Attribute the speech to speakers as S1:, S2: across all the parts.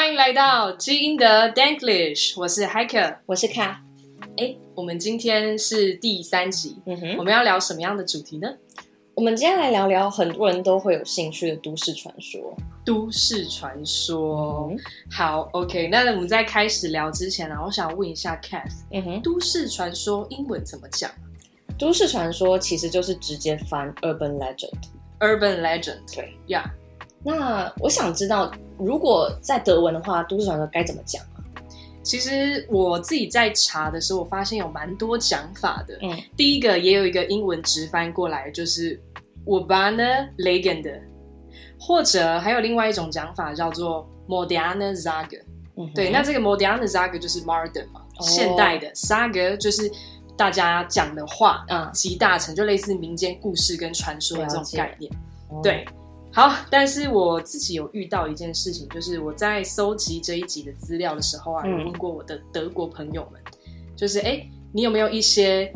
S1: 歡迎來到跡英德 Denglisch，我是 Hiker，我是 Cath。我們今天是第三集，嗯、哼我們要聊什麼樣的主題呢？我們今天來聊聊很多人都會有興趣的都市傳說。都市傳說，嗯、哼好，OK。那我們在開始聊之前呢，我想問一下，Cat，嗯哼，都市傳說英文怎麼講？都市傳說其實就是直接翻 urban legend urban legend，urban legend，對 Okay.、yeah. 那我想知道，如果在德文的話，都市傳說該怎麼講啊？其實我自己在查的時候，我發現有蠻多講法的。嗯，第一個也有一個英文直翻過來，就是 Urban Legend 或者還有另外一種講法叫做 Moderne Sage 對，那這個 Moderne Sage 就是 Modern 嘛，哦、現代的 Saga 就是大家講的話，啊集、嗯、大成就類似民間故事跟傳說的這種概念，嗯、對。嗯對好，但是我自己有遇到一件事情，就是我在搜集這一集的資料的時候啊，有問、嗯、過我的德國朋友們，就是哎、欸，你有沒有一些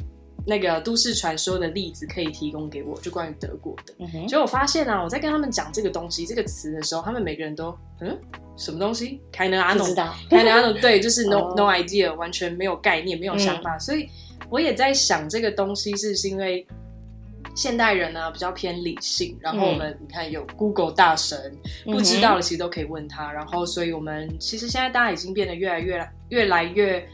S1: 那個都市傳說的例子可以提供給我？就關於德國的。結果、嗯、哼我發現啊，我在跟他們講這個東西這個詞的時候，他們每個人都嗯，什麼東西 keine Ahnung，keine Ahnung 對，就是 no no idea，完全沒有概念，沒有想法。嗯、所以我也在想，這個東西是因為。現代人呢，比較偏理性，然後我們你看有 Google 大神，嗯、不知道的，其實都可以問他，嗯、哼然後所以我們其實現在大家已經變得越來越越來越，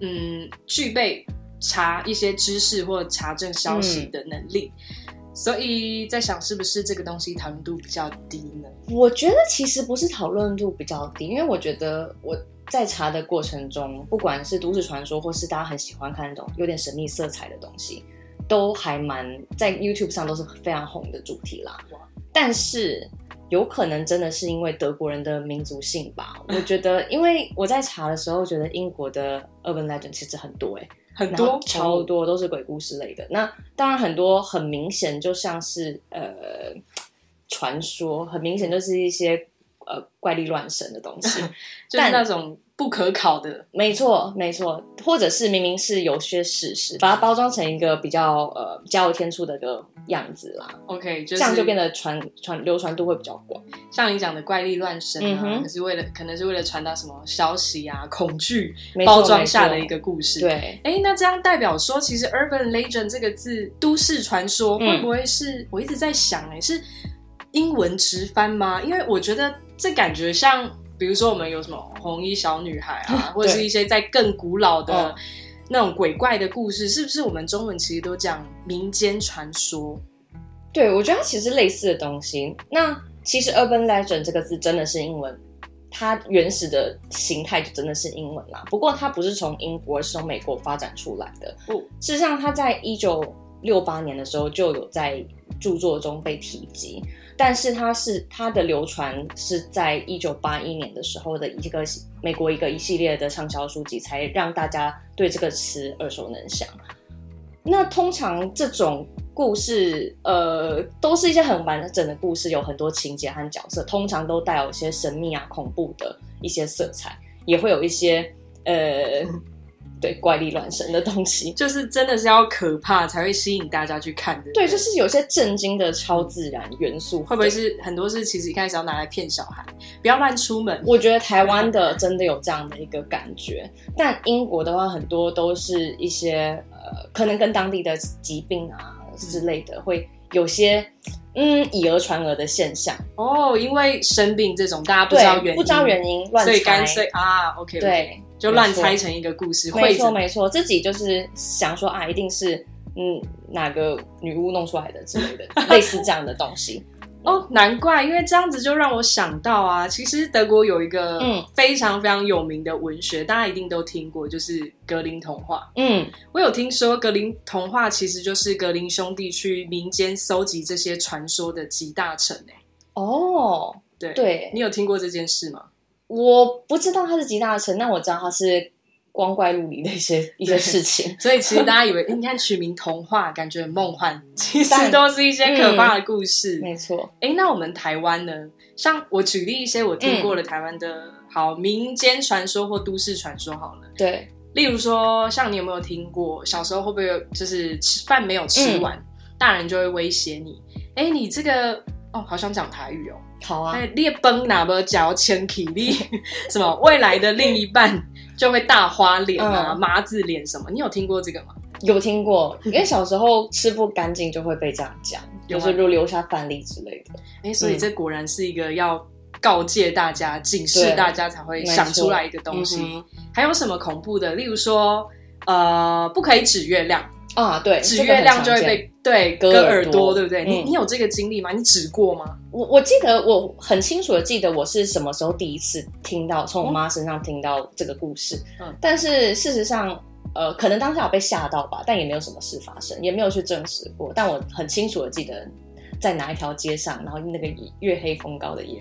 S1: 嗯，具備查一些知識或者查證消息的能力，嗯、所以在想是不是這個東西討論度比較低呢？我覺得其實不是討論度比較低，因為我覺得我在查的過程中，不管是都市傳說，或是大家很喜歡看那種有點神秘色彩的東西。都還蠻在 YouTube 上都是非常紅的主題啦，但是有可能真的是因為德國人的民族性吧？ 我覺得，因為我在查的時候，覺得英國的 Urban Legend 其實很多哎、欸，很多超多都是鬼故事類的。 那當然很多很明顯就像是呃傳說，很明顯就是一些呃怪力亂神的東西，但 那種。不可考的，沒錯，沒錯，或者是明明是有些事實，把它包裝成一個比較呃，比較加油添醋的一個樣子啦。OK，就是、這樣就變得傳傳流傳度會比較廣。像你講的怪力亂神啊，是為了可能是為了傳達什麼消息啊，恐懼包裝下的一個故事。對，哎、欸，那這樣代表說，其實 urban legend 這個字，都市傳說，會不會是、嗯、我一直在想、欸，哎，是英文直翻嗎？因為我覺得這感覺像。比如說，我們有什麼紅衣小女孩啊，或者是一些在更古老的那種鬼怪的故事，哦、是不是？我們中文其實都講民間傳說。對，我覺得它其實類似的東西。那其實 urban legend 這個字真的是英文，它原始的形態就真的是英文啦。不過它不是從英國，是從美國發展出來的。事實上，它在一九六八年的時候就有在著作中被提及。但是它是它的流傳是在一九八一年的時候的一個美國一個一系列的暢銷書籍，才讓大家對這個詞耳熟能詳。那通常這種故事，呃，都是一些很完整的故事，有很多情節和角色，通常都帶有一些神秘啊、恐怖的一些色彩，也會有一些呃。對怪力亂神的東西，就是真的是要可怕才會吸引大家去看。對，對，對，就是有些震驚的超自然元素，會不會是很多是其實一開始要拿來騙小孩，不要亂出門？我覺得台灣的真的有這樣的一個感覺， 但英國的話很多都是一些呃，可能跟當地的疾病啊之類的，嗯、會有些嗯以訛傳訛的現象。哦，因為生病這種大家不知道原因，不知道原因亂猜，所以乾脆，拆乾脆啊，OK，, okay. 對。就亂猜成一個故事，會錯沒錯錯置，自己就是想說啊，一定是嗯哪個女巫弄出來的之類的， 類似這樣的東西。哦，難怪，因為這樣子就讓我想到啊，其實德國有一個嗯非常非常有名的文學，嗯、大家一定都聽過，就是格林童話。嗯，我有聽說格林童話其實就是格林兄弟去民間蒐集這些傳說的集大成呢、欸。哦，對，對，你有聽過這件事嗎？我不知道它是集大成，但我知道它是光怪陸離的一些對一些事情，所以其實大家以為、 欸、你看取名童話，感覺很夢幻，其實都是一些可怕的故事。嗯、沒錯。哎、欸，那我們台灣呢？像我舉例一些我聽過的台灣的、嗯、好民間傳說或都市傳說好了。對。例如說，像你有沒有聽過小時候會不會就是吃飯沒有吃完，嗯、大人就會威脅你？哎、欸，你這個。哦，好想講台語哦，好啊！列崩哪麼腳千體力， 什麼未來的另一半就會大花臉啊、麻、嗯、子臉什麼？你有聽過這個嗎？有聽過，因為小時候吃不乾淨就會被這樣講，有啊、就是如留下飯粒之類的。哎、欸，所以這果然是一個要告誡大家、對警示大家才會想出來一個東西。嗯、還有什麼恐怖的？例如說，呃，不可以指月亮。啊，對，指月亮就會被對割耳朵，對，耳朵對不對？嗯，你你有這個經歷嗎？你指過嗎？我我記得我很清楚的記得我是什麼時候第一次聽到從我媽身上聽到這個故事，嗯，但是事實上，呃，可能當下我被嚇到吧，但也沒有什麼事發生，也沒有去證實過，但我很清楚的記得。在哪一條街上？然後那個月黑風高的夜，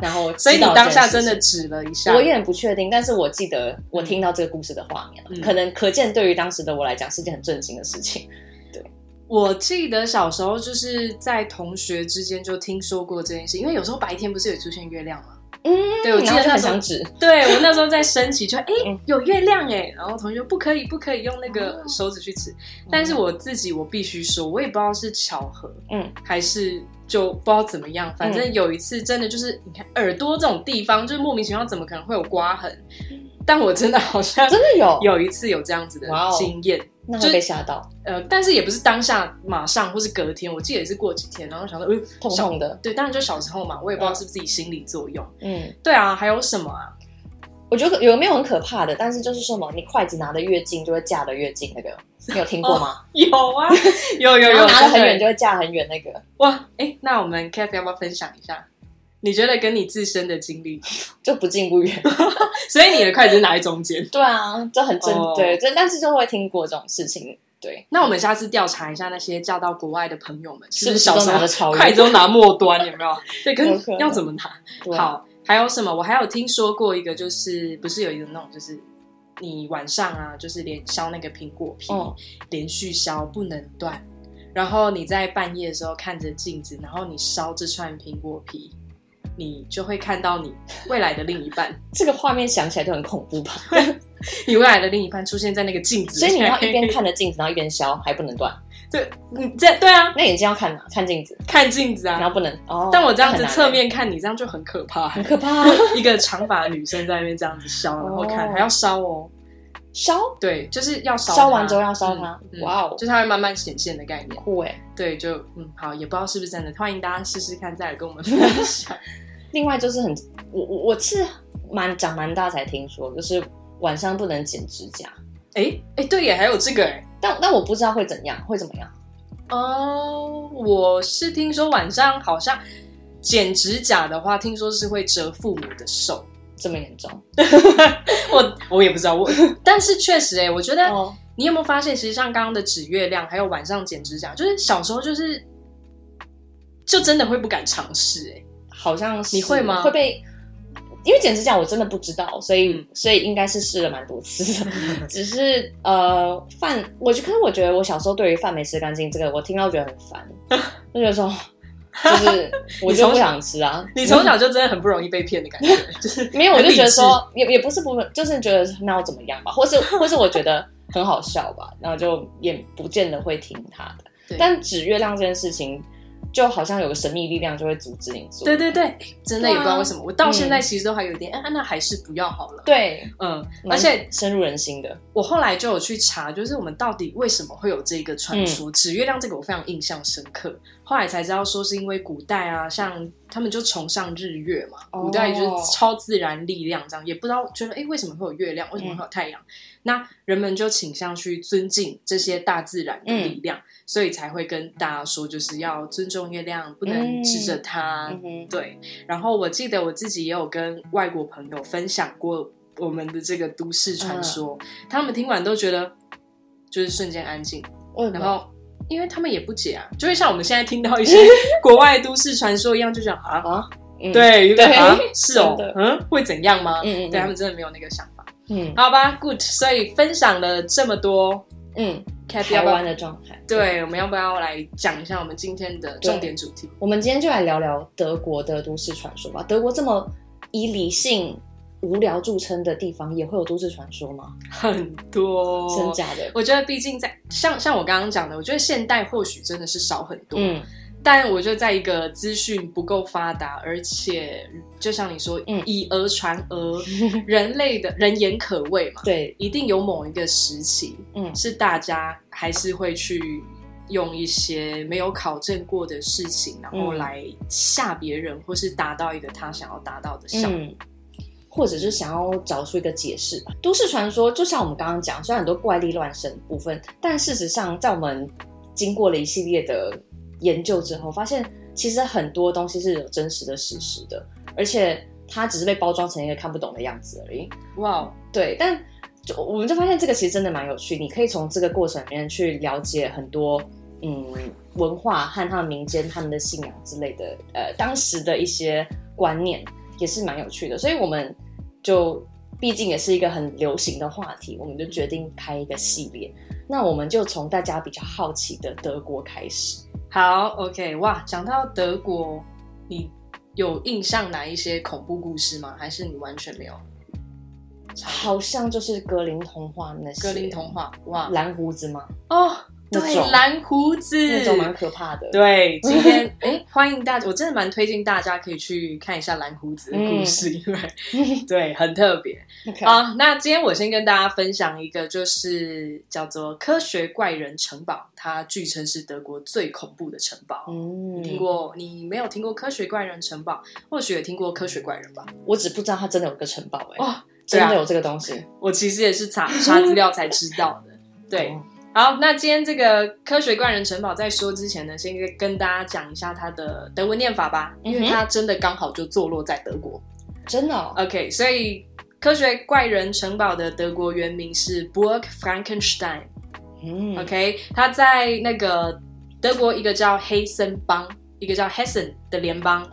S1: 然後 所以你當下真的指了一下。我也很不確定，但是我記得我聽到這個故事的畫面了，嗯、可能可見對於當時的我來講是件很震驚的事情。對，我記得小時候就是在同學之間就聽說過這件事，因為有時候白天不是也出現月亮嗎？嗯，對，我記得很想指，對，我那時候在升旗就哎、， 欸、有月亮哎、欸，然後同學說不可以不可以用那個手指去指，嗯、但是我自己我必須說，我也不知道是巧合，嗯，還是就不知道怎麼樣，反正有一次真的就是你看耳朵這種地方，就是莫名其妙怎麼可能會有刮痕？但我真的好像真的有有一次有這樣子的經驗。被嚇就被嚇到，呃，但是也不是當下，馬上或是隔天，我記得也是過幾天，然後想到，欸，痛痛的，對，當然就小時候嘛，我也不知道是不是自己心理作用，嗯，對啊，還有什麼啊？我覺得有沒有很可怕的？但是就是什麼，你筷子拿得越近，就會架得越近，那個你有聽過嗎？哦？有啊，有有有， 有，有，拿得很遠就會架很遠那個，哇，欸，那我們 KFC 要不要分享一下？你覺得跟你自身的經歷 就不近不遠， 所以你的筷子拿在中間。對啊，就很正、oh. 對，但但是就會聽過這種事情。對，那我們下次調查一下那些嫁到國外的朋友們，是不是小時候筷子都拿末端？有沒有？ 對，對，跟要怎麼拿？對好，還有什麼？我還有聽說過一個，就是不是有一個那種，就是你晚上啊，就是連削那個蘋果皮，oh. 連續削不能斷，然後你在半夜的時候看着鏡子，然後你燒這串蘋果皮。你就會看到你未來的另一半，這個畫面想起來就很恐怖吧？你未來的另一半出現在那個鏡子，所以你要一邊看着鏡子，然後一邊削，還不能斷。對，你這對啊。那眼睛要看看鏡子，看鏡子啊，然後不能哦。但我這樣子側面看你，這樣就很可怕，很可怕。一個長髮的女生在那邊這樣子削，然後看，還要燒哦，燒。對，就是要燒，燒完之後要燒它。哇哦，就是它會慢慢顯現的概念。酷欸，對，就嗯好，也不知道是不是真的，歡迎大家試試看，再來跟我們分享。另外就是很，我我我是蠻長蠻大才聽說，就是晚上不能剪指甲。哎哎、欸欸，對耶，還有這個哎，但但我不知道會怎樣，會怎麼樣？哦，我是聽說晚上好像剪指甲的話，聽說是會折父母的手，這麼嚴重？ 我我也不知道，我 但是確實哎，我覺得你有沒有發現，其實像剛剛的指月亮，還有晚上剪指甲，就是小時候就是就真的會不敢嘗試哎。好像是會你會嗎？會被，因為簡直講我真的不知道，所以、嗯、所以應該是試了蠻多次的，只是呃飯，我就可是我覺得我小時候對於飯沒吃乾淨這個，我聽到覺得很煩，就覺得說就是 我就不想吃啊。你從小，你從小就真的很不容易被騙的感覺， 就是沒有我就覺得說也也不是不就是覺得那我怎麼樣吧，或是或是我覺得很好笑吧，然後就也不見得會聽他的。對但指月亮這件事情。就好像有個神秘力量就會阻止你做，對對對，真的也、啊、不知道為什麼，我到現在其實都還有一點，哎、嗯啊，那還是不要好了。對，嗯，而且深入人心的。我後來就有去查，就是我們到底為什麼會有這個傳說？嗯、指月亮這個我非常印象深刻。後來才知道，說是因為古代啊，像他們就崇尚日月嘛，oh. 古代就是超自然力量這樣，也不知道覺得哎、欸，為什麼會有月亮，為什麼會有太陽？嗯、那人們就傾向去尊敬這些大自然的力量，嗯、所以才會跟大家說，就是要尊重月亮，不能指着它。嗯、對。然後我記得我自己也有跟外國朋友分享過我們的這個都市傳說，嗯、他們聽完都覺得就是瞬間安靜，嗯、然後。因為他們也不解啊，就會像我們現在聽到一些國外的都市傳說一樣， 就想啊啊，啊嗯、對，有點啊，是哦，嗯，會怎樣嗎？嗯嗯，對他們真的沒有那個想法。嗯，好吧，good。所以分享了這麼多，嗯，台灣的狀態。對，對我們要不要來講一下我們今天的重點主題？我們今天就來聊聊德國的都市傳說吧。德國這麼以理性，無聊著稱的地方也會有都市傳說嗎？很多，嗯、真的假的？我覺得，畢竟在像像我剛剛講的，我覺得現代或許真的是少很多。嗯、但我就在一個資訊不夠發達，而且就像你說，嗯、以訛傳訛，嗯、人類的 人言可畏嘛。對，一定有某一個時期，嗯，是大家還是會去用一些沒有考證過的事情，然後來嚇別人，嗯、或是達到一個他想要達到的效果。嗯或者是想要找出一個解釋吧。都市傳說就像我們剛剛講，雖然很多怪力亂神的部分，但事實上，在我們經過了一系列的研究之後，發現其實很多東西是有真實的事實的，而且它只是被包裝成一個看不懂的樣子而已。哇，Wow. 對，但就我們就發現這個其實真的蠻有趣。你可以從這個過程裡面去了解很多，嗯，文化和他們民間他們的信仰之類的，呃，當時的一些觀念也是蠻有趣的。所以我們。就畢竟也是一個很流行的話題，我們就決定開一個系列。那我們就從大家比較好奇的德國開始。好，OK，哇，講到德國，你有印象哪一些恐怖故事嗎？還是你完全沒有？好像就是格林童話那些。格林童話，哇，藍鬍子嗎？哦。對，這種藍鬍子那種蠻可怕的。對，今天哎， 歡迎大家，我真的蠻推薦大家可以去看一下藍鬍子的故事，因為、嗯、 對，很特別。好，Okay. uh, 那今天我先跟大家分享一個，就是叫做科學怪人城堡，它據稱是德國最恐怖的城堡。嗯，聽過？你沒有聽過科學怪人城堡？或許也聽過科學怪人吧？我只不知道它真的有個城堡、欸。哇、哦，真的有這個東西？啊 okay. 我其實也是查查資料才知道的。 對。 好，那今天這個科學怪人城堡在說之前呢，先跟大家講一下它的德文念法吧，因為它真的剛好就坐落在德國，真的、嗯哼。OK，所以科學怪人城堡的德國原名是 Burg Frankenstein、嗯。OK，它在那個德國一個叫黑森邦，一個叫黑森的聯邦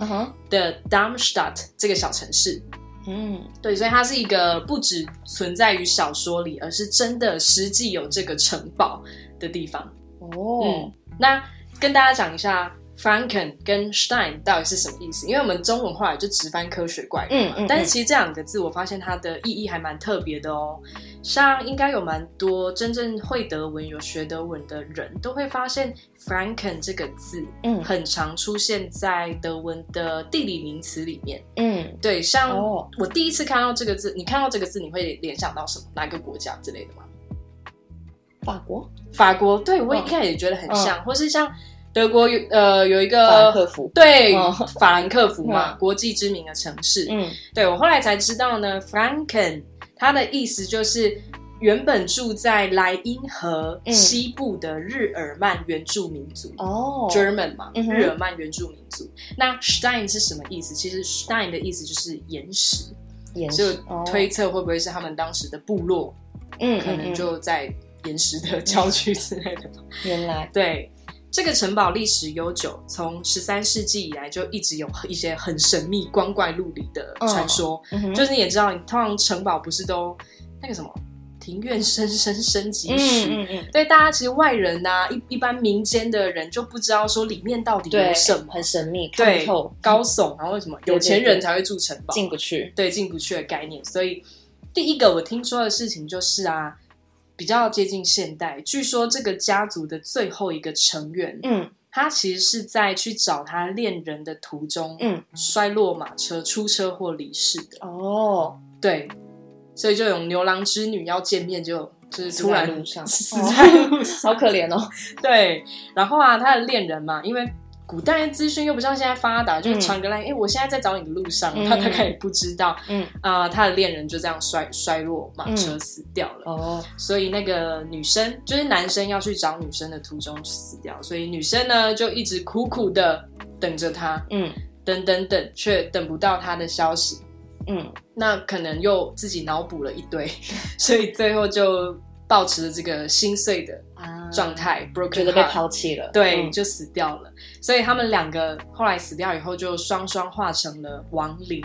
S1: 的 Darmstadt 這個小城市。嗯，對，所以它是一個不只存在於小說裡，而是真的實際有這個城堡的地方哦。嗯，那跟大家講一下。Franken 跟 Stein 到底是什麼意思？因為我們中文化就直翻科學怪人嘛。嗯嗯嗯、但是其實這兩個字，我發現它的意義還蠻特別的哦。像應該有蠻多真正會德文、有學德文的人都會發現 Franken 這個字，嗯，很常出現在德文的地理名詞裡面。嗯，對，像我第一次看到這個字，你看到這個字，你會聯想到什麼？哪個國家之類的嗎？法國，法國。對，我一開始也覺得很像，嗯、或是像。德國有呃有一個法蘭克福，對、哦、法蘭克福嘛，嗯、國際知名的城市。嗯，對，我後來才知道呢，Franken 他的意思就是原本住在萊茵河西部的日耳曼原住民族、嗯、哦，German 嘛，嗯、日耳曼原住民族。那 Stein 是什麼意思？其實 Stein 的意思就是岩石，就岩石，推測會不會是他們當時的部落，嗯，
S2: 可能就
S1: 在岩石的郊區之類的。原來對。這個城堡歷史悠久，從十三世紀以來就一直有一些很神秘、光怪陸離的傳說。哦嗯、就是你也知道你，你通常城堡不是都那個什麼庭院深深深幾許？所以、嗯嗯嗯、大家其實外人吶、啊，一一般民間的人就不知道說裡面到底有什麼，很神秘。對，高聳，然後為什麼有錢人才會住城堡？進不去。對，進不去的概念。所以第一個我聽說的事情就是啊。比較接近現代。據說這個家族的最後一個成員，嗯，他其實是在去找他戀人的途中，嗯，摔落馬車出車禍離世的。哦，對，所以就有牛郎織女要見面就，就就是突然死在路上，哦，好可憐哦。對，然後啊，他的戀人嘛，因為。古代的資訊又不像現在發達，就是傳個因哎、嗯欸，我現在在找你的路上，嗯、他大概也不知道，嗯啊、呃，他的戀人就這樣摔摔落，馬車死掉了，嗯、哦，所以那個女生就是男生要去找女生的途中死掉，所以女生呢就一直苦苦的等着他，嗯，等等等，卻等不到他的消息，嗯，那可能又自己腦補了一堆，所以最後就。 保持了這個心碎的狀態，啊、Broken Heart, 覺得被拋棄了，對，嗯、就死掉了。所以他們兩個後來死掉以後，就雙雙化成了亡靈，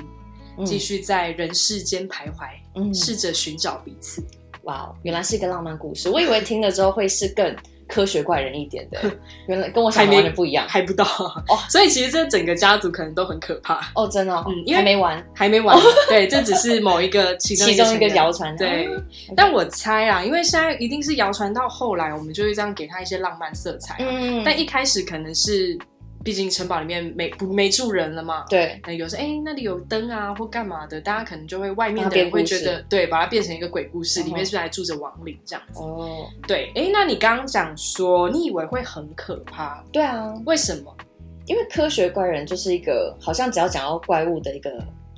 S1: 繼、嗯、續在人世間徘徊，試着尋找彼此。哇，原來是一個浪漫故事，我以為聽了之後會是更。 科學怪人一點的，原來跟我想完全不一樣，還，還不到哦、啊。Oh. 所以其實這整個家族可能都很可怕哦，真的，嗯，因為還沒完，還沒完，oh. 對，這只是某一個其中一個謠傳，對。對 Okay. 但我猜啦，因為現在一定是謠傳，到後來我們就會這樣給他一些浪漫色彩、啊，嗯，mm. 但一開始可能是。畢竟城堡裡面沒不沒住人了嘛，對。那有時候哎、欸，那裡有燈啊，或幹嘛的，大家可能就會外面的人會覺得，對，把它變成一個鬼故事，嗯、裡面是不是還住着亡靈這樣子？哦、嗯，對，哎、欸，那你剛剛講說，你以為會很可怕？對啊，為什麼？因為科學怪人就是一個，好像只要講到怪物的一個，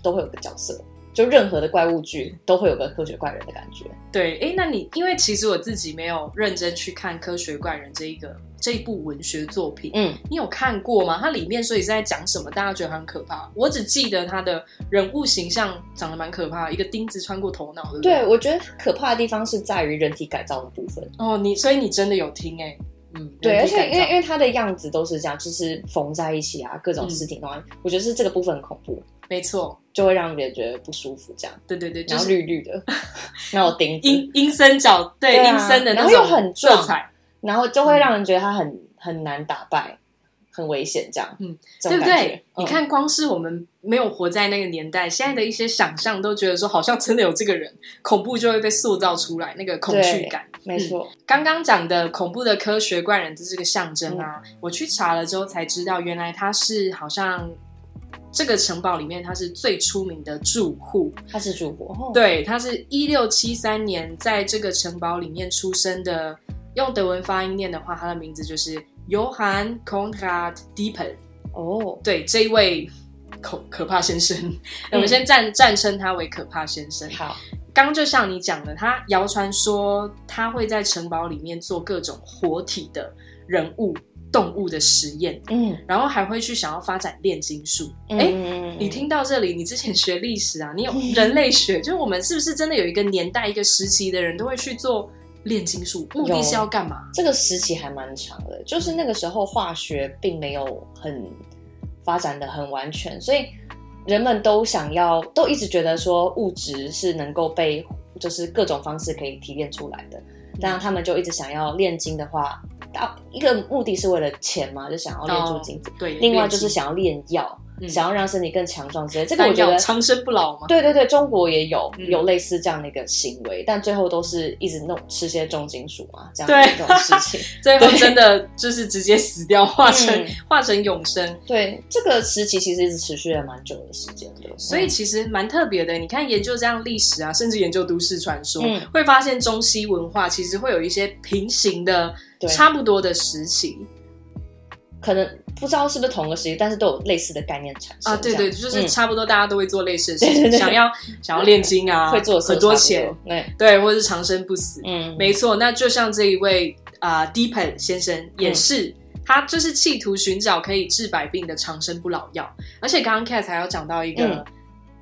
S1: 都會有個角色，就任何的怪物劇都會有個科學怪人的感覺。對，哎、欸，那你因為其實我自己沒有認真去看科學怪人這一個。這一部文學作品，嗯，你有看過嗎？它裡面所以是在講什麼？大家覺得很可怕。我只記得它的人物形象長得蠻可怕，一個釘子穿過頭腦的。對，對，對，我覺得可怕的地方是在於人體改造的部分。哦，你所以你真的有聽哎、欸，嗯，對，而且因為因為它的樣子都是這樣，就是縫在一起啊，各種屍體的話、嗯、我覺得是這個部分很恐怖，沒錯錯，就會讓人覺得不舒服，這樣。對對對，就是綠綠的，然後釘子陰陰 森角，對陰、啊、森的那種，然後又很色彩。然後就會讓人覺得他很、嗯、很難打敗，很危險這樣，嗯，對不對？嗯、你看，光是我們沒有活在那個年代，嗯、現在的一些想象都覺得說，好像真的有這個人，恐怖就會被塑造出來，那個恐懼感。沒錯、嗯，剛剛講的恐怖的科學怪人，這是個象徵啊。嗯、我去查了之後才知道，原來他是好像這個城堡裡面他是最出名的住戶，他是住戶、哦、對，他是一六七三年在這個城堡裡面出生的。用德文發音念的話，他的名字就是 Johann Conrad Dippel。哦，oh，對，這一位可可怕先生，嗯、我們先暫暫稱他為可怕先生。好，剛就像你講的，他謠傳說他會在城堡裡面做各種活體的人物、動物的實驗。嗯，然後還會去想要發展煉金術。欸嗯、你聽到這裡，你之前學歷史啊，你有人類學，嗯、就是我們是不是真的有一個年代、一個時期的人都會去做？煉金術目的是要幹嘛？這個時期還蠻長的，就是那個時候化學並沒有很發展的很完全，所以人們都想要都一直覺得說物質是能夠被就是各種方式可以提煉出來的，那他們就一直想要煉金的話，啊，一個目的是為了錢嘛，就想要煉出金子。哦，對，另外就是想要煉藥。嗯、想要讓身體更強壯之類的，這個我覺得長生不老嗎？對對對，中國也有有類似這樣的一個行為，嗯、但最後都是一直弄吃些重金屬啊，這樣對這種事情，最後對真的就是直接死掉，化成、嗯、化成永生。對，這個時期其實一直持續了蠻久的時間的，對所以其實蠻特別的。你看研究這樣歷史啊，甚至研究都市傳說，嗯、會發現中西文化其實會有一些平行的、對差不多的時期。可能不知道是不是同一個，時期，但是都有類似的概念產生啊。對對，就是差不多，大家都會做類似的事情，嗯、對對對想要想要煉金啊對對對，會做很多錢，多對對，或者是長生不死。嗯，沒錯。那就像這一位啊、呃、，Deepen、er、先生也是，嗯、他就是企圖尋找可以治百病的長生不老藥。而且剛剛 Cat 還有講到一個，嗯、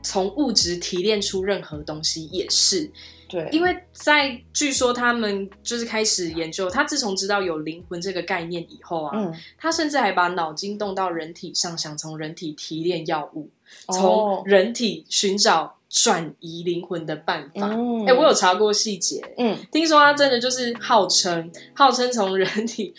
S1: 從物質提煉出任何東西也是。對，因為在據說他們就是開始研究他，自從知道有靈魂這個概念以後啊，嗯，他甚至還把腦筋動到人體上，想從人體提煉藥物，從人體尋找轉移靈魂的辦法。哎，嗯欸，我有查過細節，嗯，聽說他真的就是號稱號稱從人體。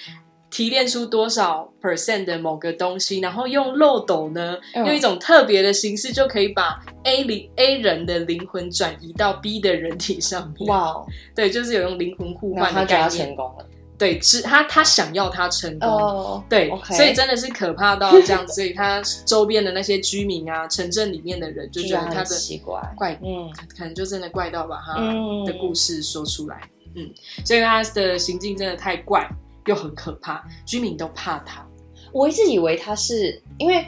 S1: 提煉出多少 percent 的某個東西，然後用漏斗呢，用一種特別的形式，就可以把 A 靈 A 人的靈魂轉移到 B 的人體上面。哇對，就是有用靈魂互換的概念。然後他就要成功了。對，他他想要他成功。哦，對，okay. 所以真的是可怕到這樣， 所以他周邊的那些居民啊，城鎮裡面的人就覺得他的奇怪怪，嗯，可能就真的怪到把他的故事說出來。嗯，嗯，所以他的行徑真的太怪。又很可怕，居民都怕他。我一直以為他是因為，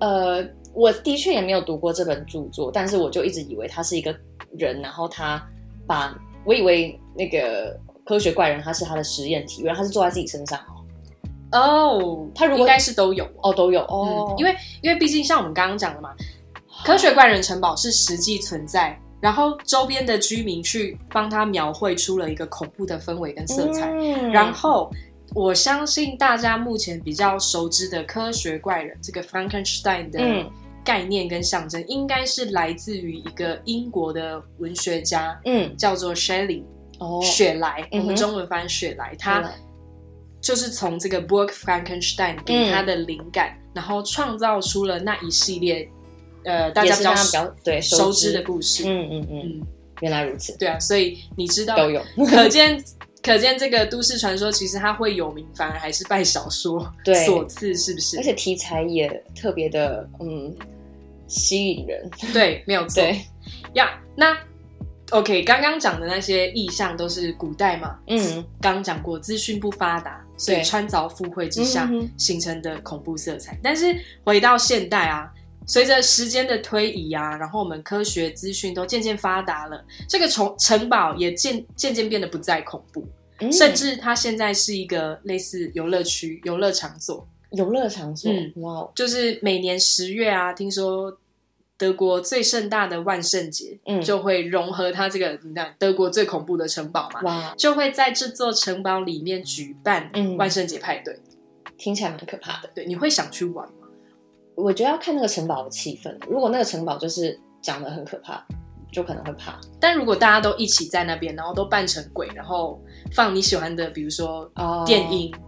S1: 呃，我的確也沒有讀過這本著作，但是我就一直以為他是一個人，然後他把我以為那個科學怪人，他是他的實驗體，原來他是坐在自己身上哦。哦，他如果應該是都有哦，都有哦，嗯，因為因為畢竟像我們剛剛講的嘛，科學怪人城堡是實際存在，然後周邊的居民去幫他描繪出了一個恐怖的氛圍跟色彩，嗯，然後。我相信大家目前比較熟知的科學怪人這個 Frankenstein 的概念跟象徵，應該是來自於一個英國的文學家，嗯，叫做 Shelley 哦，雪萊，我們中文翻雪萊，他就是從這個 Burg Frankenstein 給他的靈感，然後創造出了那一系列，大家比較比較對熟知的故事。嗯嗯嗯，原來如此。對啊，所以你知道都有可見。可見這個都市傳說其實它會有名，反而還是拜小說所賜對，是不是？而且題材也特別的，嗯，吸引人。對，沒有錯。對 y、yeah, 那 OK，剛剛講的那些意象都是古代嘛？嗯，剛剛講過資訊不發達，所以穿鑿附會之下對形成的恐怖色彩。嗯、哼但是回到現代啊。隨着時間的推移啊，然後我們科學資訊都漸漸發達了，這個城城堡也漸漸漸變得不再恐怖，嗯、甚至它現在是一個類似遊樂區、遊樂場所、遊樂場所。嗯，哇 Wow！就是每年十月啊，聽說德國最盛大的萬聖節，嗯，就會融合它這個那德國最恐怖的城堡嘛，哇 Wow！就會在這座城堡裡面舉辦萬聖節派對，聽起來蠻可怕的。對，你會想去玩嗎？我覺得要看那個城堡的氣氛。如果那個城堡就是講得很可怕，就可能會怕。但如果大家都一起在那邊，然後都扮成鬼，然後放你喜歡的，比如說電音，哦、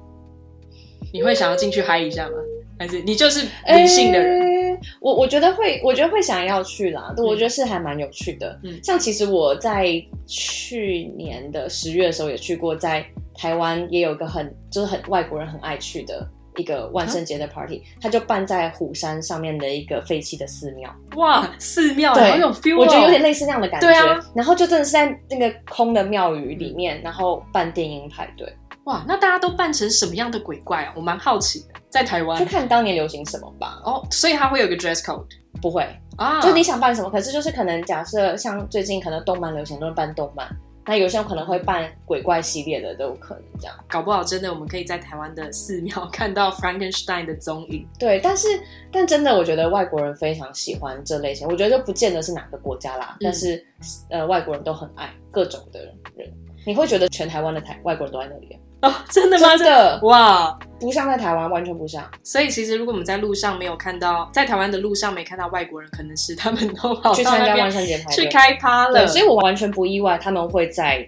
S1: 你會想要進去嗨一下嗎？還是你就是理性的人？欸、我我覺得會，我覺得會想要去啦。嗯、我覺得是還蠻有趣的。嗯，像其實我在去年的十月的時候也去過，在台灣也有一個很就是很外國人很愛去的。一個萬聖節的 party，蛤它就辦在虎山上面的一個廢棄的寺廟。哇，寺廟，對，很有 feel 哦、我覺得有點類似那樣的感覺。對啊，然後就真的是在那個空的廟宇裡面，嗯、然後辦電音派對。哇，那大家都扮成什麼樣的鬼怪啊？我蠻好奇的。在台灣，就看當年流行什麼吧。哦，oh, 所以它會有個 dress code？不會啊，就你想扮什麼？可是就是可能假設像最近可能動漫流行，都是扮動漫。那有些可能會辦鬼怪系列的都有可能這樣，搞不好真的我們可以在台灣的寺廟看到 Frankenstein 的蹤影。對，但是但真的我覺得外國人非常喜歡這類型，我覺得都不見得是哪個國家啦，嗯、但是呃外國人都很愛各種的人。你會覺得全台灣的台外國人都在那裡？哦、真的嗎？真的，哇，不像在台灣，完全不像。所以其實如果我們在路上沒有看到，在台灣的路上沒看到外國人，可能是他們都跑去參加萬聖節去開趴了。所以我完全不意外他們會在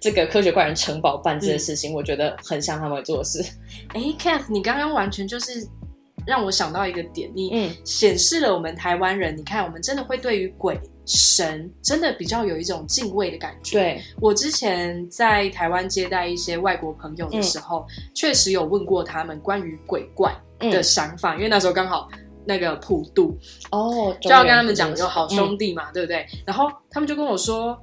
S1: 這個科學怪人城堡辦這件事情，嗯、我覺得很像他們做的事。哎、欸，Kath，你剛剛完全就是讓我想到一個點，你顯示了我們台灣人，你看我們真的會對於鬼。神真的比較有一種敬畏的感覺。對，我之前在台灣接待一些外國朋友的時候，確實、嗯、有問過他們關於鬼怪的想法，嗯、因為那時候剛好那個普渡哦，就要跟他們講有好兄弟嘛，嗯、對不對？然後他們就跟我說，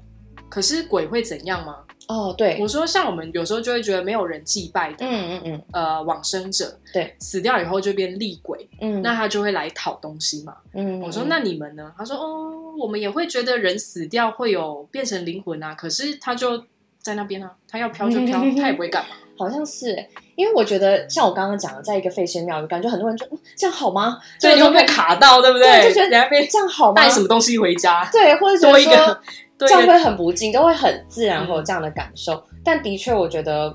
S1: 可是鬼會怎樣嗎？哦，對，我說像我們有時候就會覺得沒有人祭拜的，嗯嗯嗯，呃，往生者，對，死掉以後就變厲鬼，嗯，那他就會來討東西嘛，嗯，我說那你們呢？他說哦，我們也會覺得人死掉會有變成靈魂啊，可是他就在那邊啊，他要飄就飄，他也不會幹嘛。好像是，因為我覺得像我剛剛講的，在一個廢仙廟，感覺很多人就這樣好嗎？所以你會被卡到，對不對？就覺得在那邊這樣好嗎？帶什麼東西回家？對，或者說一個。
S2: 這樣對會很
S1: 不敬，都會很自然會有這樣的感受。嗯、但的確，我覺得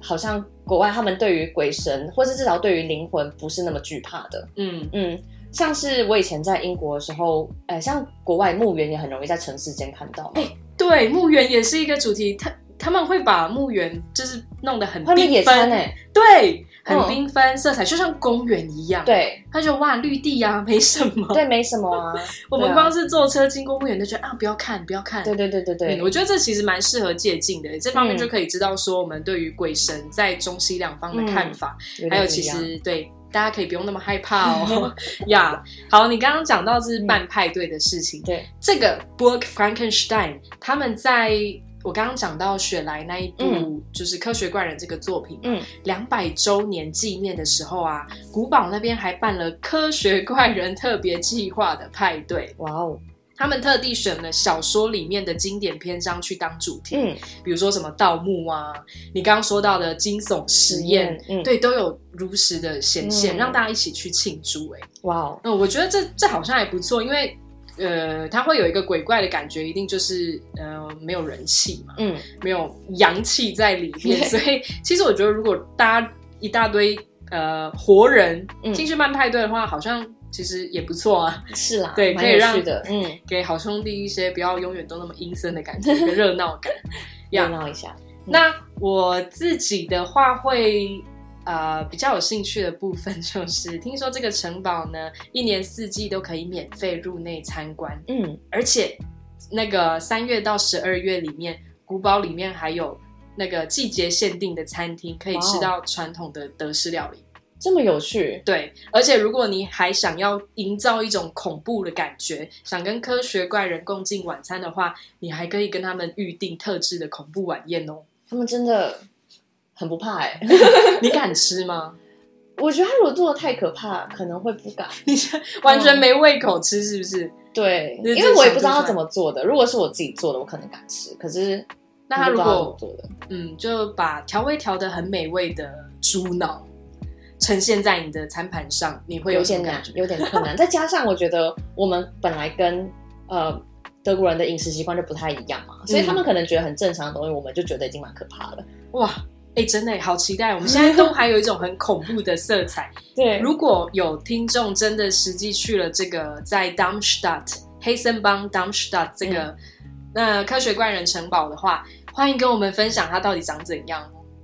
S1: 好像國外他們對於鬼神，或是至少對於靈魂，不是那麼懼怕的。嗯嗯，像是我以前在英國的時候，哎，像國外墓園也很容易在城市間看到、哎。對，墓園也是一個主題，他他們會把墓園就是弄得很，外面野餐哎、欸，對。很繽紛色彩，oh. 就像公園一樣。對，他就哇，綠地呀、啊，沒什麼。對，沒什麼啊。 我們光是坐車經過公園，就覺得啊,啊，不要看，不要看。對對對對對、嗯。我覺得這其實蠻適合借鏡的，這方面就可以知道說我們對於鬼神在中西兩方的看法，嗯、還有其實有對大家可以不用那麼害怕哦。呀、 yeah，好，你剛剛講到是辦派對的事情，嗯、對這個《Burg Frankenstein》，他們在。我剛剛講到雪萊那一部、嗯、就是《科學怪人》這個作品、啊，嗯，兩百周年紀念的時候啊，古堡那邊還辦了《科學怪人特別計劃》的派對，哇哦！他們特地選了小說裡面的經典篇章去當主題，嗯，比如說什麼盜墓啊，你剛剛說到的驚悚實驗，嗯，嗯對，都有如實的顯現，嗯、讓大家一起去慶祝、欸，哎，哇哦！那、呃、我覺得這這好像還不錯，因為。呃，他會有一個鬼怪的感覺，一定就是呃沒有人氣嘛，嗯，沒有陽氣在裡面，嗯、所以其實我覺得如果搭一大堆呃活人、嗯、進去辦派對的話，好像其實也不錯啊，是啦，對，可以讓的，嗯，給好兄弟一些不要永遠都那麼陰森的感覺， 一個熱鬧感，yeah, 熱鬧一下。嗯、那我自己的話會。呃，比較有興趣的部分就是，聽說這個城堡呢，一年四季都可以免費入內參觀。嗯，而且那個三月到十二月裡面，古堡裡面還有那個季節限定的餐廳，可以吃到傳統的德式料理。這麼有趣？對，而且如果你還想要營造一種恐怖的感覺，想跟科學怪人共進晚餐的話，你還可以跟他們預定特制的恐怖晚宴哦。他們真的。很不怕哎、欸， 你敢吃嗎？我覺得他如果做的太可怕，可能會不敢。你 完全沒胃口吃，是不是？嗯、對，因為我也不知道他怎麼做的。如果是我自己做的，我可能敢吃。可是
S2: 他那他如果
S1: 做的，嗯，就把調味調的很美味的豬腦呈現在你的餐盤上，你會有點難，有點困難。 再加上我覺得我們本來跟呃德國人的飲食習慣就不太一樣嘛，所以他們可能覺得很正常的東西，嗯、我們就覺得已經蠻可怕了。哇！真的好期待！我們現在都還有一種很恐怖的色彩。 對，如果有聽眾真的實際去了這個在 Darmstadt 黑森邦 Darmstadt 這個、嗯、那科學怪人城堡的話，歡迎跟我們分享它到底長怎樣。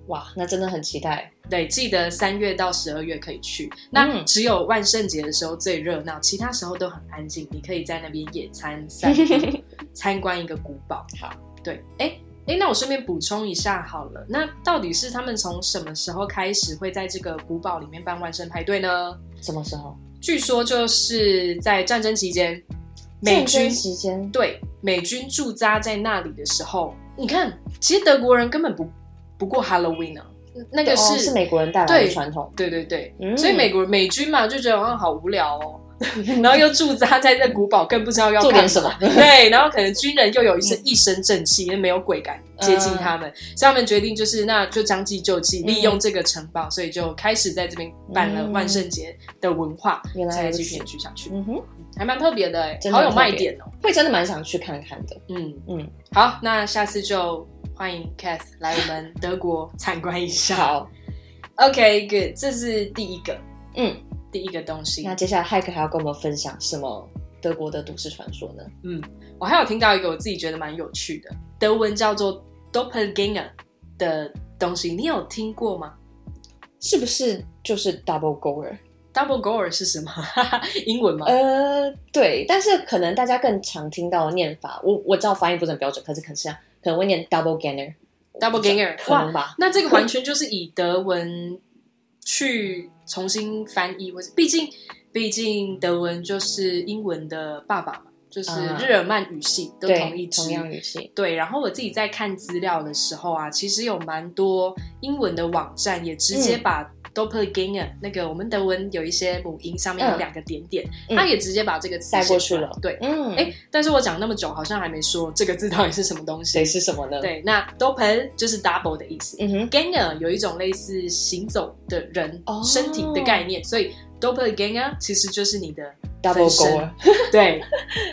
S1: 哇，那真的很期待。對,對，記得三月到十二月可以去。那只有萬聖節的時候最熱鬧，嗯、其他時候都很安靜。你可以在那邊野餐，參 參觀一個古堡。好，對，哎。哎，那我順便補充一下好了。那到底是他們從什麼時候開始會在這個古堡裡面辦萬聖派對呢？什麼時候？據說就是在戰爭期間，
S2: 美軍
S1: 期間，對，美軍駐紮在那裡的時候。你看，其實德國人根本不不過 Halloween，啊、那個是、哦、是美國人帶來的傳統，對。對對對，嗯，所以美國美軍嘛就覺得好像好無聊哦。然後又駐紮在這古堡，更不知道要幹什麼。對，然後可能軍人又有一身一身正氣，也沒有鬼敢接近他們，所以他們決定就是那就將計就計，利用這個城堡，所以就開始在這邊辦了萬聖節的文化，才繼續延續下去。嗯哼，還蠻特別的，好有賣點哦，會真的蠻想去看看的。嗯嗯，好，那下次就歡迎 Cath 來我們德國參觀一下哦。OK，good，這是第一個。嗯。一個東西，那接下來 Hike 還要跟我們分享什麼德國的都市傳說呢？嗯，我還有聽到一個我自己覺得蠻有趣的德文叫做 Doppelgänger 的東西，你有聽過嗎？是不是就是 “Double Gorer”？“Double Gorer” 是什麼？ 英文嗎？呃，對，但是可能大家更常聽到念法，我我知道發音不是很標準，可是可能是啊，可能會念 anger, “Double Ganger”，“Double Ganger” 可能吧。那這個完全就是以德文去重新翻譯，我畢竟，畢竟德文就是英文的爸爸。就是日耳曼語系都同一支，對，然後我自己在看資料的時候啊，其實有蠻多英文的網站也直接把 Doppelgänger、嗯、那個我們德文有一些母音上面有兩個點點，它、嗯、也直接把這個字帶過去了。對，嗯誒，但是我講那麼久，好像還沒說這個字到底是什麼東西？誰是什麼呢？對，那 Doppel 就是 double 的意思，嗯哼，Gänger 有一種類似行走的人身體的概念，哦、所以。Doppelgänger 啊，其實就是你的 Doppelgänger Double go. 對，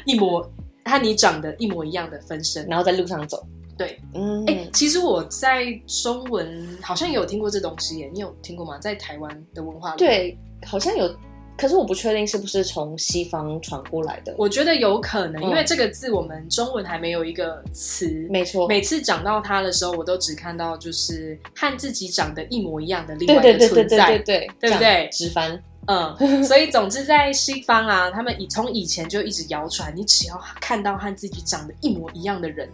S1: 一模和你長得一模一樣的分身，然後在路上走。對，嗯、欸，其實我在中文好像有聽過這東西耶，你有聽過嗎？在台灣的文化裡，對，好像有，可是我不確定是不是從西方傳過來的。我覺得有可能，因為這個字我們中文還沒有一個詞，沒錯錯，每次講到它的時候，我都只看到就是和自己長得一模一樣的另外的存在，對對對對對，對，對，對不對？直翻。 嗯，所以總之在西方啊，他們以從以前就一直謠傳，你只要看到和自己長得一模一樣的人，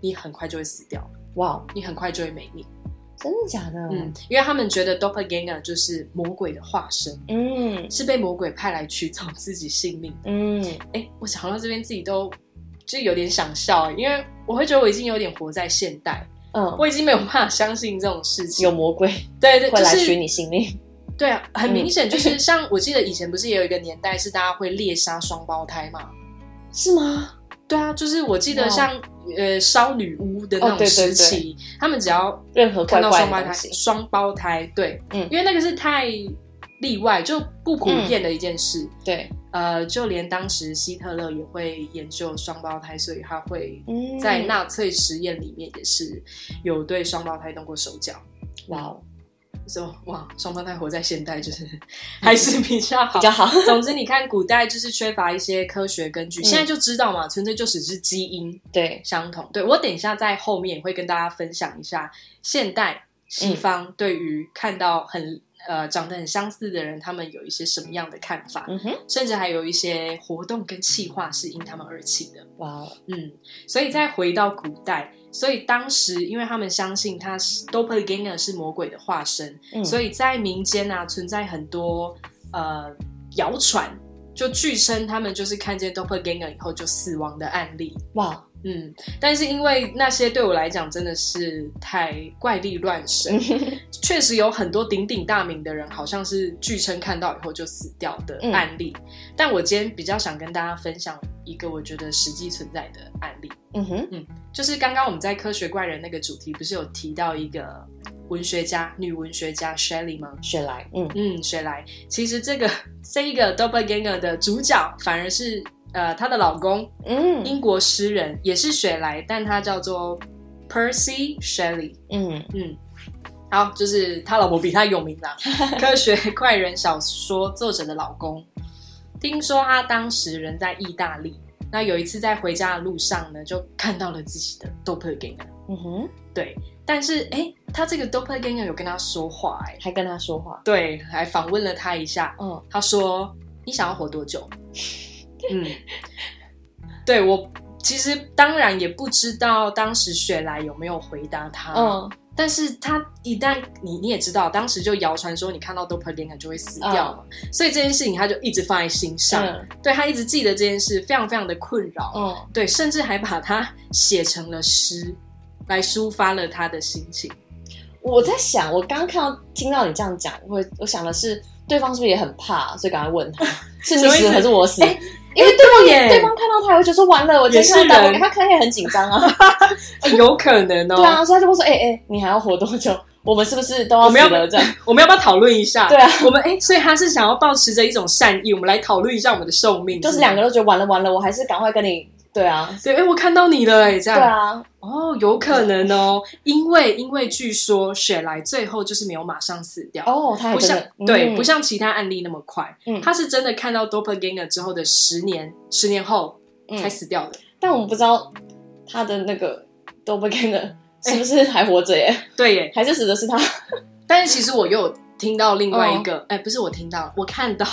S1: 你很快就會死掉，哇，Wow, 你很快就會沒命，真的假的？嗯，因為他們覺得 Doppelgänger 就是魔鬼的化身，嗯，是被魔鬼派來取走自己性命的。嗯，哎、欸，我想到這邊自己都就有點想笑，欸，因為我會覺得我已經有點活在現代，嗯，我已經沒有辦法相信這種事情，有魔鬼對對會來取你性命。對啊，很明顯就是像我記得以前不是也有一個年代是大家會獵殺雙胞胎嗎？是嗎？對啊，就是我記得像、oh. 呃燒女巫的那種時期，他、oh, 們只要任何看到雙胞胎，怪怪雙胞胎對，嗯，因為那個是太例外就不普遍的一件事。對、嗯，呃，就連當時希特勒也會研究雙胞胎，所以他會在納粹實驗裡面也是有對雙胞胎動過手腳。哇哦。說、so, 哇，雙胞胎活在現代，就是、嗯、
S2: 還是比
S1: 較好，比較好。總之，你看古代就是缺乏一些科學根據，嗯、現在就知道嘛，純粹就只是基因對相同。對,對我等一下在後面會跟大家分享一下現代西方對於看到很、嗯、呃長得很相似的人，他們有一些什麼樣的看法，嗯、甚至還有一些活動跟企劃是因他們而起的。哇，嗯，所以再回到古代。所以當時，因為他們相信他是 Doppelgänger 是魔鬼的化身，嗯、所以在民間啊存在很多呃謠傳，就據稱他們就是看見 Doppelgänger 以後就死亡的案例。哇！嗯，但是因為那些對我來講真的是太怪力亂神，確 實有很多鼎鼎大名的人，好像是據稱看到以後就死掉的案例。嗯、但我今天比較想跟大家分享一個我覺得實際存在的案例。嗯哼，嗯，就是剛剛我們在科學怪人那個主題不是有提到一個文學家、女文學家 Shelley 嗎？雪萊，嗯嗯，雪萊。其實這個這一個 Doppelgänger 的主角反而是。呃，她的老公，嗯，英國詩人，也是雪萊，但他叫做 Percy Shelley。嗯嗯，好，就是他老婆比他有名啊。 科學怪人小說作者的老公，聽說他當時人在意大利，那有一次在回家的路上呢，就看到了自己的 Doppelgänger。嗯哼，對，但是哎、欸，他這個 Doppelgänger 有跟他說話、欸，哎，還跟他說話，對，還訪問了他一下。嗯，他說：“嗯、你想要活多久？” 嗯，對我其實當然也不知道當時雪萊有沒有回答他。嗯，但是他一旦你你也知道，當時就謠傳說你看到 d o p 林肯就會死掉，嗯，所以這件事情他就一直放在心上，嗯，對他一直記得這件事，非常非常的困擾，嗯，對，甚至還把它寫成了詩來抒發了他的心情。我在想，我剛，剛看到聽到你這樣講，我我想的是。對方是不是也很怕啊，所以趕快問他，
S2: 是你死還是我
S1: 死？欸欸，因為對方也，對，耶對方看到他，會覺得說完了，我現在現在也是人，他可能也很緊張啊， 有可能哦。對啊，所以他就會說，哎、欸、哎、欸，你還要活多久？我們是不是都要死了？我們要不要討論一下？對啊，我們哎、欸，所以他是想要保持着一種善意，我們來討論一下我們的壽命，是就是兩個人都覺得完了完了，我還是趕快跟你。對啊，對，哎，我看到你了，哎，這樣，對啊，哦，有可能哦，因為，因為據說雪萊最後就是沒有馬上死掉，哦，他還不像，嗯、對，不像其他案例那麼快，嗯、他是真的看到 Doppelgänger 之後的十年，十年後才死掉的，嗯、但我們不知道他的那個 Doppelgänger 是不是還活着耶？誒對耶，還是死的是他？但是其實我又。聽到另外一個，哎、Oh. 欸，不是我聽到，我看到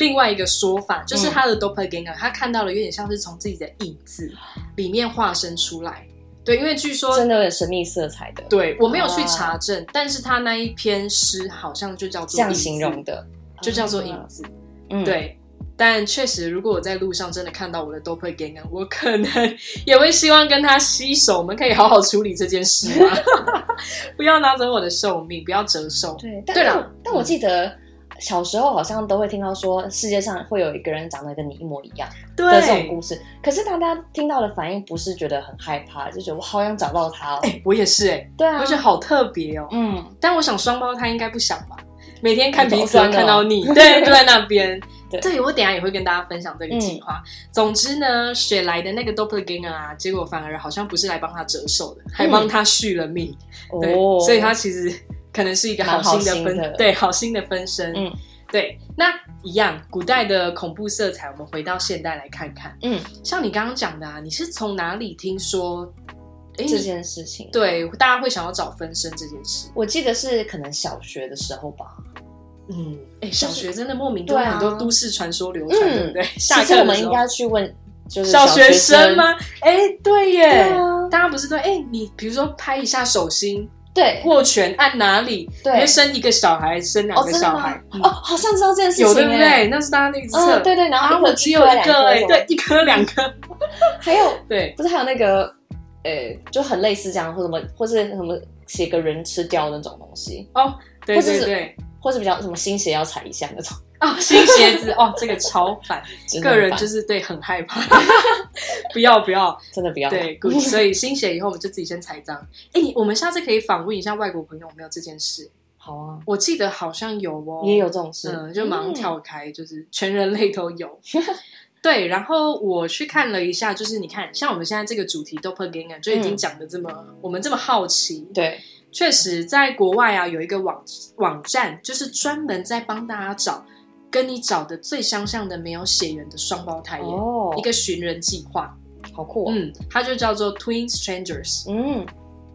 S1: 另外一個說法，對就是他的 Doppelgänger、嗯、他看到了有點像是從自己的影子裡面化身出來。對，因為據說真的很神秘色彩的。對，我沒有去查證，uh, 但是他那一篇詩好像就叫做影子，這樣形容的，就叫做影子，影子，嗯，對。但確實，如果我在路上真的看到我的 Doppelgänger，我可能也會希望跟他攜手，我們可以好好處理這件事、啊。 不要拿走我的壽命，不要折壽。對，對但我記得小時候好像都會聽到說，世界上會有一個人長得跟你一模一樣。對，這種故事。對可是大家聽到的反應不是覺得很害怕，就覺得我好想找到他、哦欸。我也是哎、欸。對啊，而且好特別哦。嗯，但我想雙胞胎應該不想吧？每天看彼此，看到你對，就在那邊。 對，我等一下也會跟大家分享這個計劃。嗯、總之呢，雪萊的那個 Doppelgänger 啊，結果反而好像不是來幫他折壽的，嗯、還幫他續了命。對，哦、所以他其實可能是一個好心的分，的對，好心的分身。嗯，對。那一樣，古代的恐怖色彩，我們回到現代來看看。嗯，像你剛剛講的啊，你是從哪裡聽說這件事情？對，大家會想要找分身這件事。我記得是可能小學的時候吧。嗯，哎，小學真的莫名多很多都市傳說流傳，對不對？下課我們應該去問，就是小學生嗎？哎，對耶，大家不是都，哎，你比如說拍一下手心，對，握拳按哪裡，對，會生一個小孩，生兩個小孩，哦，好像知道這件事情，有，對不對？那是大家那個，嗯，對對，然後我只有一個，哎，對，一顆兩顆，還有，對，不是還有那個，哎，就很類似這樣，或什麼，或是什麼。寫個人吃掉的那種東西哦，oh, 對對對，或是或比較什麼新鞋要踩一下那種哦，oh, 新鞋子哦，這個超反， 反個人就是對，很害怕 不，不要不要，真的不要對，所以新鞋以後我們就自己先踩髒。哎、 欸，我們下次可以訪問一下外國朋友，有沒有這件事？好啊，我記得好像有哦，也有這種事，呃、忙嗯，就馬上跳開，就是全人類都有。 對，然後我去看了一下，就是你看，像我們現在這個主題《Doppelgänger》，就已經講的這麼，我們這麼好奇。對，確實，在國外啊，有一個網網站，就是專門在幫大家找跟你找的最相像的沒有血緣的雙胞胎，哦，一個尋人計劃，好酷哦。嗯，他就叫做《Twin Strangers》。嗯，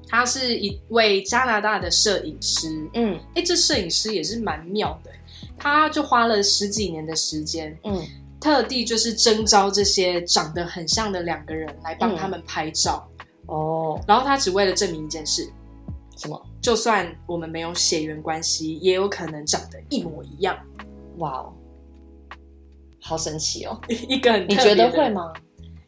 S1: 他是一位加拿大的攝影師。嗯，哎，這攝影師也是蠻妙的，他就花了十幾年的時間。嗯。特地就是徵召這些長得很像的兩個人來幫他們拍照、嗯、哦，然後他只為了證明一件事，什麼？就算我們沒有血緣關係，也有可能長得一模一樣。哇哦，好神奇哦！一個你覺得會嗎？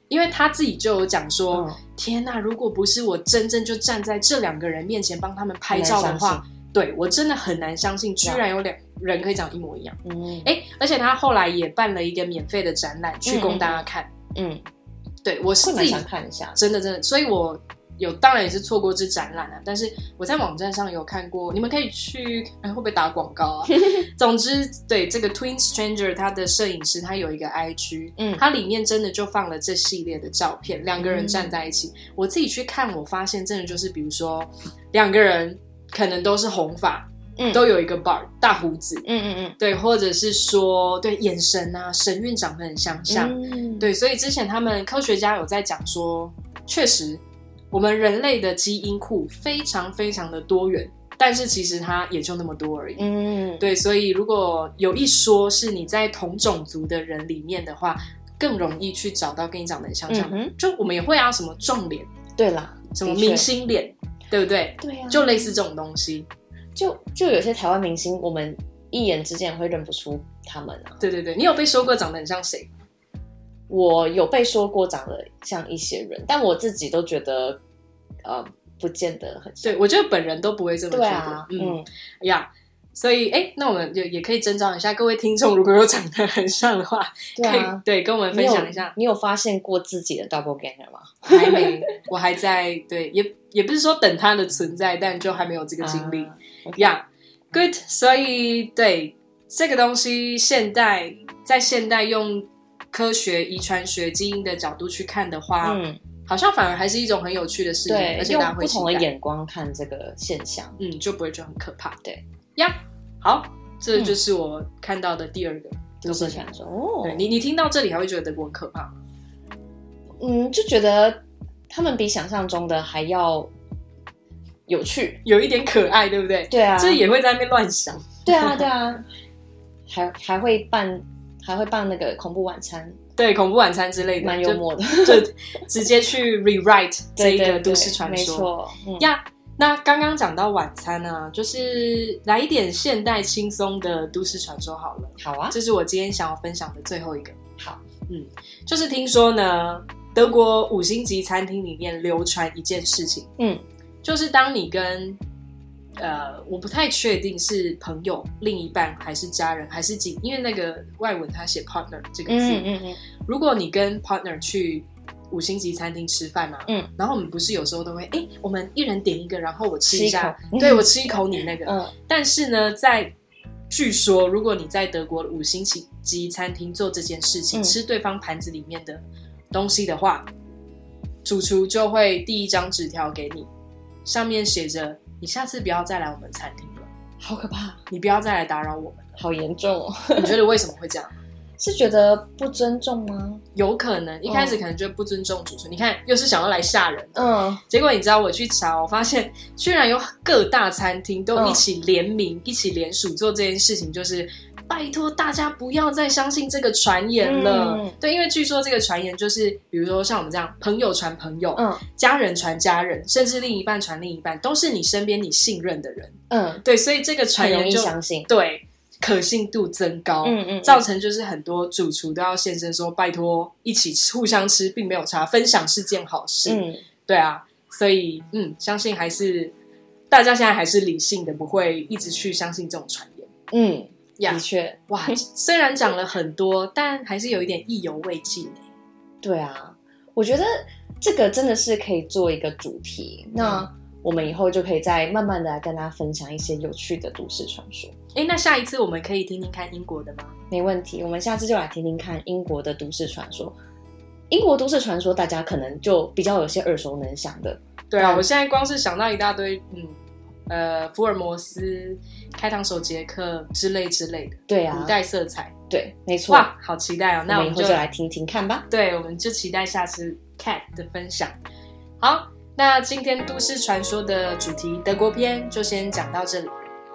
S1: 因為他自己就有講說，嗯、天哪！如果不是我真正就站在這兩個人面前幫他們拍照的話。對我真的很難相信，居然有兩人可以長一模一樣。嗯，哎，而且他後來也辦了一個免費的展覽，去供大家看。嗯，嗯嗯，對我是蠻想看一下，真的真的，所以我有當然也是錯過這展覽啊。但是我在網站上有看過，你們可以去，哎、欸，會不會打廣告啊？ 總之，對這個 Twin Stranger，他的攝影師他有一個 I G，嗯，他裡面真的就放了這系列的照片，兩個人站在一起。嗯、我自己去看，我發現真的就是，比如說兩個人。可能都是紅髮，嗯，都有一個 Bart 大鬍子，嗯嗯嗯，嗯對，或者是說，對眼神啊，神韻長得很相像，像，嗯，對，所以之前他們科學家有在講說，確實我們人類的基因庫非常非常的多元，但是其實它也就那麼多而已，嗯，對，所以如果有一說是你在同種族的人裡面的話，更容易去找到跟你長得很相像，像，嗯，就我們也會要什麼撞臉，對啦，什麼明星臉。對不對？呀、啊，就類似這種東西，就就有些台灣明星，我們一眼之間會認不出他們、啊、對對對，你有被說過長得很像誰？我有被說過長得像一些人，但我自己都覺得呃，不見得很像。對，我覺得本人都不會這麼覺得、啊。啊、嗯，呀、嗯。Yeah. 所以，哎，那我們就也，也可以徵兆一下，各位聽眾，如果有長得很像的話，啊、可以對跟我們分享一下你。你有發現過自己的 Doppelgänger 嗎？ 還沒，我還在。對，也也不是說等它的存在，但就還沒有這個經歷。Uh, okay. yeah, good。所以，對這個東西，現代在現代用科學、遺傳學、基因的角度去看的話，嗯，好像反而還是一種很有趣的事情。對而且大家會用不同的眼光看這個現象，嗯，就不會覺得很可怕。對。呀，好，這就是我看到的第二個都市傳說。哦，你你聽到這裡還會覺得德國可怕嗎？嗯，就覺得他們比想象中的還要有趣，有一點可愛，對不對？對啊，這也會在那邊亂想。對啊，對啊，還還會辦，還會辦那個恐怖晚餐。對，恐怖晚餐之類的，蠻幽默的，就直接去 rewrite 這一個都市傳說。呀。那剛剛講到晚餐呢、啊，就是來一點現代輕鬆的都市傳說好了。好啊，這是我今天想要分享的最後一個。好，嗯，就是聽說呢，德國五星級餐廳裡面流傳一件事情，嗯，就是當你跟，呃，我不太確定是朋友、另一半還是家人還是幾，因為那個外文他寫 partner 這個字，嗯嗯嗯，如果你跟 partner 去。五星級餐廳吃飯嘛、啊，嗯，然後我們不是有時候都會，哎、欸，我們一人點一個，然後我吃一下，一口，對我吃一口你那個，嗯，但是呢，在，據說如果你在德國五星級餐廳做這件事情，嗯、吃對方盤子裡面的東西的話，主廚就會遞一張紙條給你，上面寫着你下次不要再來我們餐廳了，好可怕，你不要再來打擾我們了，好嚴重哦， 你覺得為什麼會這樣？是覺得不尊重嗎？有可能，一開始可能就不尊重主廚、哦、你看，又是想要來嚇人的。嗯，結果你知道我去查，我發現居然有各大餐廳都一起聯名、嗯、一起聯署做這件事情，就是拜托大家不要再相信這個傳言了。嗯、對，因為據說這個傳言就是，比如說像我們這樣朋友傳朋友，嗯、家人傳家人，甚至另一半傳另一半，都是你身邊你信任的人。嗯，對，所以這個傳言就很容易相信。對。可信度增高，嗯嗯，嗯，造成就是很多主廚都要現身說、嗯、拜托一起吃，互相吃，並沒有差，分享是件好事，嗯，對啊，所以嗯，相信，還是大家現在還是理性的，不會一直去相信這種傳言，嗯，yeah, 的確，哇，雖然講了很多， 但還是有一點意猶未盡，對啊，我覺得這個真的是可以做一個主題，嗯、那我們以後就可以再慢慢的來跟大家分享一些有趣的都市傳說。哎，那下一次我們可以聽聽看英國的嗎？沒問題，我們下次就來聽聽看英國的都市傳說。英國都市傳說，大家可能就比較有些耳熟能詳的。對啊，但我現在光是想到一大堆，嗯，呃，福爾摩斯、開膛手傑克之類之類的。對啊，古代色彩，對，沒錯。哇，好期待哦！我們以後那我們就來聽聽看吧。對，我們就期待下次 Cat 的,的分享。好，那今天都市傳說的主題德國篇就先講到這裡。